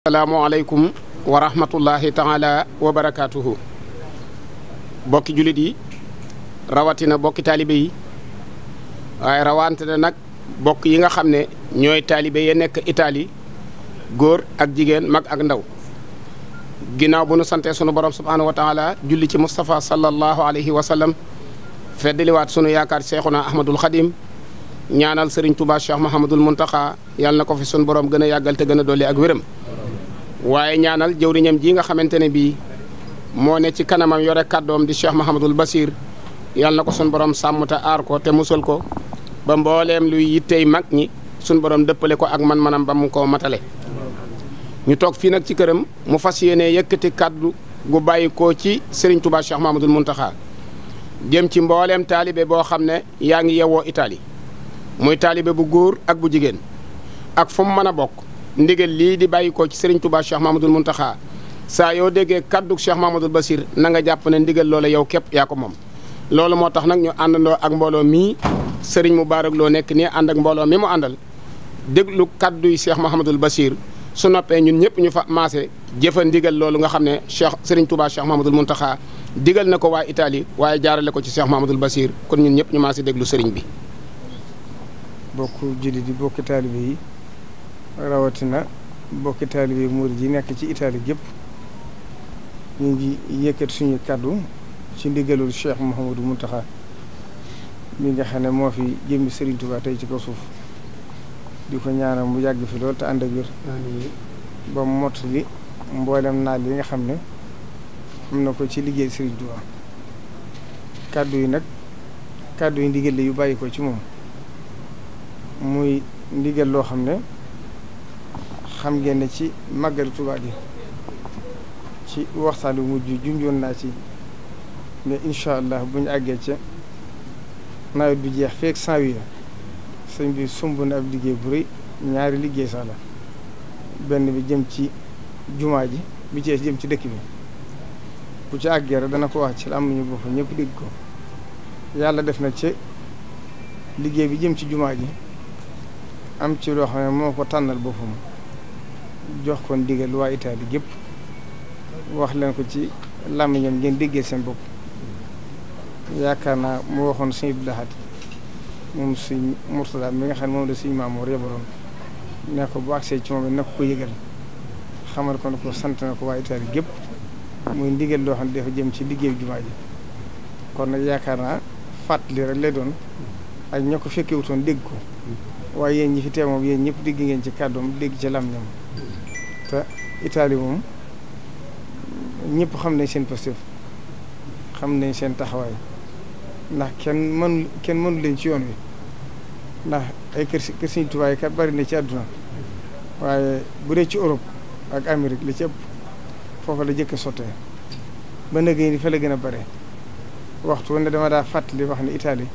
salaamualeykum wa rahmatullahi taala wa barakaatuhu bokki jullit yi rawatina bokki taalibe yi waaye rawante na nag bokk yi nga xam ne ñooy taalibe ya nekk Italie góor ak jigéen mag ak ndaw ginnaaw bu nu santee sunu borom subhaanahu wa taala julli ci Moustapha sallallahu alayhi wa sallam feddaliwaat sunu yaakaar Cheikhuna Ahmadul Xadim ñaanal Serigne Touba Cheikh Mahamadul Muntaxa yàlla na ko fi sunu borom gën a yàggal te gën a dolli ak wéram. waaye ñaanal jëwriñam ji nga xamante ne bii moo ne ci kanamam yore kàddoom di Cheikh Mahamadul Basir yàlla na ko sun borom sàmm te aar ko te musal ko ba mbooleem luy yittey mag ñi sun borom dëppale ko ak man-manam ba mu ko matale ñu toog fii nag ci këram mu fas yéene yëkkati kàddu gu bàyyi ko ci Serigne Touba Cheikh Mahamadul Muntaxa jëm ci mbooleem taalibe boo xam ne yaa ngi yewoo Italie muy taalibe bu góor ak bu jigéen ak fu mu mën a bokk ndigal lii di bàyyi ko ci Serigne Touba Cheikh Mamadou Mountakha saa yoo déggee kaddu Cheikh Mamadou Bassir na nanga jàpp ne ndigal loola yow képp yaa ko moom. loolu moo tax nag ñu àndandoo ak mbooloo mii Serigne Moubarak loo nekk nii ànd ak mbooloo mii mu àndal déglu kaddu yi Cheikh Mahamadul basiir su noppee ñun ñëpp ñu fa maase jëfa ndigal loolu nga xam ne Cheikh Serigne Touba Cheikh Mahamadul Mountakha digal na ko waa itaali waaye jaarale ko ci Cheikh Mahamadul Bassir kon ñun ñëpp ñu maase déglu Serigne bi. bokk jullit rawatina bokki taalibe murid yi nekk ci Italie gépp ñu ngi yëkkat suñu kàddu ci ndigalul Cheikh Mouhamadou Mountakha mi nga xam ne moo fi jëmmi Serigne tey ci kaw suuf di ko ñaanal mu yàgg fi lool te ànd ak wér ba mot li mboolem naa yi nga xam ne am na ko ci liggéey Serigne kàddu yi nag kàddu yi ndigal la yu bàyyi ko ci moom muy ndigal loo xam ne xam ngeen ne ci màggal Tuubaa gi ci waxtaan bu mujj junjoon naa ci ne incha allah bu ñu àggee ca nawet bi jeex feeg sans sëñ bi sumb na ab liggéey bu rëy ñaari liggéey sax la benn bi jëm ci jumaa ji bi ci jëm ci dëkk bi bu ci àggee rek dana ko wax ci la am nañu bopp ñëpp dégg ko yàlla def na ci liggéey bi jëm ci jumaa ji am ci loo xam ne moo ko tànnal boppam. jox ko ndigal waa Italie gépp wax leen ko ci làmmiñam ngeen déggee seen bopp yaakaar naa mu waxoon suñu daxat moom suñ Murtada mi nga xam ne moom la suñu maamoor yebaloon ne ko bu agsee ci moom ko ko yëgal xamal ko ne ko ko waa Italie gépp muy ndigal loo xam ne dafa jëm ci liggéey jumaa ji kon nag yaakaar naa fàttali rek lay doon ak ñoo ko fekkewutoon dégg ko waaye yéen ñi fi teew moom yéen ñëpp dégg ngeen ci kàddoom dégg ci làmmiñam te Italie moom ñëpp xam nañ seen positif xam nañ seen taxawaay ndax kenn mën kenn mënu leen ci yoon wi ndax ay kër si kër Sëriñ Tuubaa kat bari na ci àdduna waaye bu dee ci Europe ak Amérique li ci ëpp foofa la jëkk sottee ba nag yi fa la gën a bare waxtu ne dama daa fàttali wax ne itali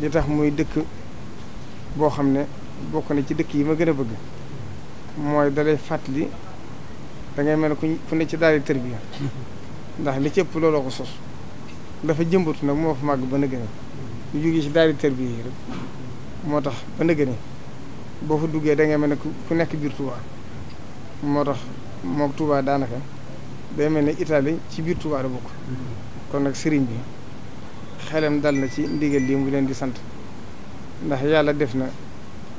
li tax muy dëkk boo xam ne bokk na ci dëkk yi ma gën a bëgg mooy dalay fàttali da ngay mel ne ku ne ci daal di li ci ëpp looloo ko sos dafa jëmbatu nag moo màgg ba nëgëne ñu ci daal di rek moo tax ba nëgëne boo fa duggee da ngay mel ne ku nekk biir Touba moo tax moom Touba daanaka day mel ne Italie ci biir Touba la bokk kon nag sëriñ bi xelam dal na ci ndigal lii mu leen di sant ndax yàlla def na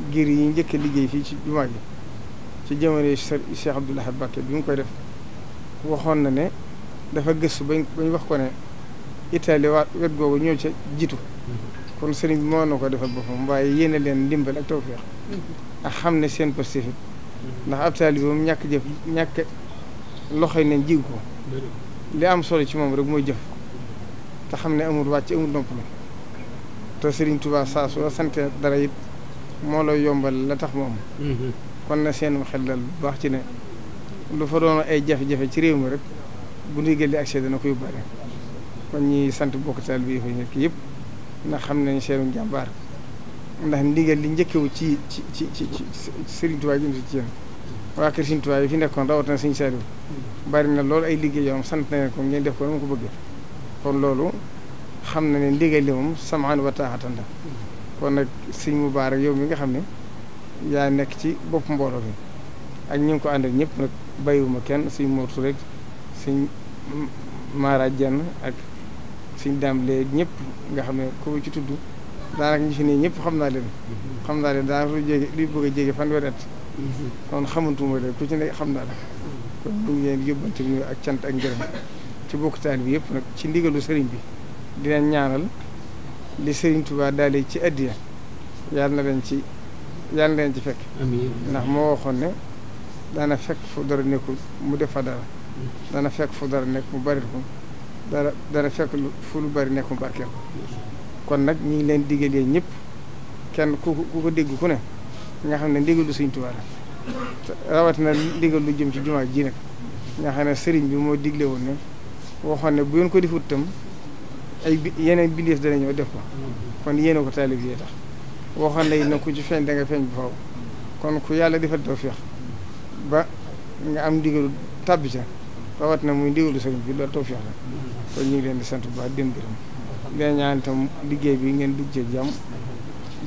ngir yi njëkk a liggéey fii ci jumaa yi ci jamono Cheikh Abdoul Ahad Mbacké bi mu koy def waxoon na ne dafa gëstu bañ bañ wax ko ne Italie waa wet googu ñëw ca jiitu kon sëriñ bi moo na ko defal boppam waaye yéene leen ndimbal ak tawfeex mm-hmm. ak xam ne seen positif ndax ab taalibe moom ñàkk jëf ñàkk loxo yi nañ jiw ko mm-hmm. li am solo ci moom rek mooy jëf te xam ne amul wàcc amul nopp la te sëriñ Tuubaa saa su la sante dara it moo lay yombal la tax moom kon na seen xel dal bu baax ci ne lu fa doon ay jafe-jafe ci réew mi rek bu ndigal li accès dana ko yóbbaale kon ñi sant bokk taal bi fa nekk yëpp ndax xam nañ seenu jàmbaar ndax ndigal li njëkkewu ci ci ci ci Serigne Touba jëm si ci yéen waa kër Serigne fi nekkoon rawatina Serigne Saliou bari na loolu ay liggéey yoo am sant nañ ko ngeen def ko ni mu ko bëggee kon loolu xam na ne ndigal li moom samaan wa taaxatan la kon nag Serigne Mubarak yow mi nga xam ne yaa nekk ci bopp mbooloo mi ak ñu ko ànd ak ñëpp nag bàyyiwuma kenn suñ mortu rek suñ maara jenn ak suñ daam lee ñëpp nga xam ne ko ci tudd daanaka ñu fi ne ñëpp xam naa leen naa leen daanaka lu jege luy kon xamantuma leen ku xam naa la kon ñu leen yóbbante bi ak cant ak ngërëm ci bokk taal bi yëpp nag ci ndigalu sëriñ bi dinañ ñaanal li sëriñ Tuubaa daale ci addiya yàlla na leen ci yàlla leen ci fekk ndax moo waxoon ne dana fekk fu dara nekkul mu defa dara dana fekk fu dara nekk mu bari ko dana fekk fu lu bari nekk mu nag ñu ngi leen digal ñëpp kenn ku ku ko ne nga xam ne ndigalu Sëriñ Tuubaa la rawatina ndigal lu jëm ci jumaa ji nag xam ne sëriñ bi moo digle woon ne waxoon ne bu ngeen ko defut tam ay bi yeneen bindeef dana ñëw def ko kon yéene ko taalib yi tax waxoon na ne ku ci feeñ da nga feeñ bu faw kon ku yàlla defal tawfeex ba nga am ndigalu tàbbi ca rawat na muy ndigalu sëriñ bi loolu tawfeex la kon ñu leen di sant bu baax dem gërëm dina ñaan itam liggéey bi ngeen dugg ci jàmm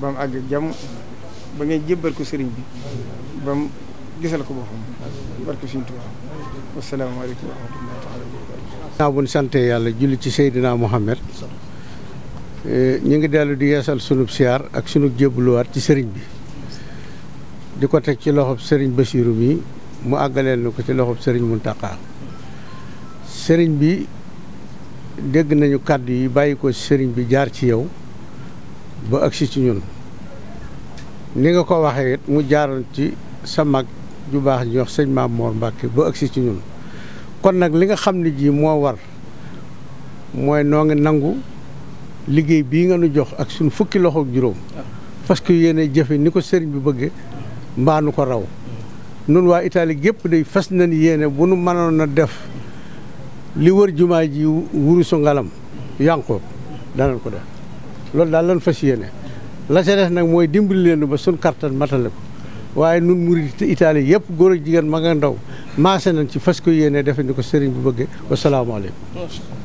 ba mu àgg jàmm ba ngeen jébbal ko sëriñ bi ba mu gisal ko boppam barke suñu Tuubaa wasalaamaaleykum wa rahmatullahi taala wa barakatuh naa bu ñu sante yàlla julli ci Seydina Muhammad ñu ngi dellu di yeesal sunub siyaar ak sunub jébbaluwaat ci sëriñ bi di ko teg ci loxob sëriñ Basiiru mi mu àggaleel na ko ci loxob sëriñ Muntaqa sëriñ bi dégg nañu kàddu yi bàyyi ko sëriñ bi jaar ci yow ba agsi ci ñun ni nga ko waxee mu jaaroon ci sa mag ju baax ñu wax sëñ Maam Moor Mbàkke ba agsi ci ñun kon nag li nga xam ne jii moo war mooy noo ngi nangu liggéey bii nga nu jox ak suñu fukki loxo juróom parce que yéene jëfe ni ko sëriñ bu bëggee mbaa nu ko raw nun waa Italie gépp day fas nañ yéene bu nu mënoon a def li wër jumaa ji wurusu ngalam yànqoo danañ ko def loolu daal lan fas yéene la ca nag mooy dimbali leen ba suñ kattan matale ko waaye nun murid Italie yëpp góor ak jigéen ma ndaw maase nañ ci fas ko yéene defe ni ko sëriñ bu bëggee wasalaamaaleykum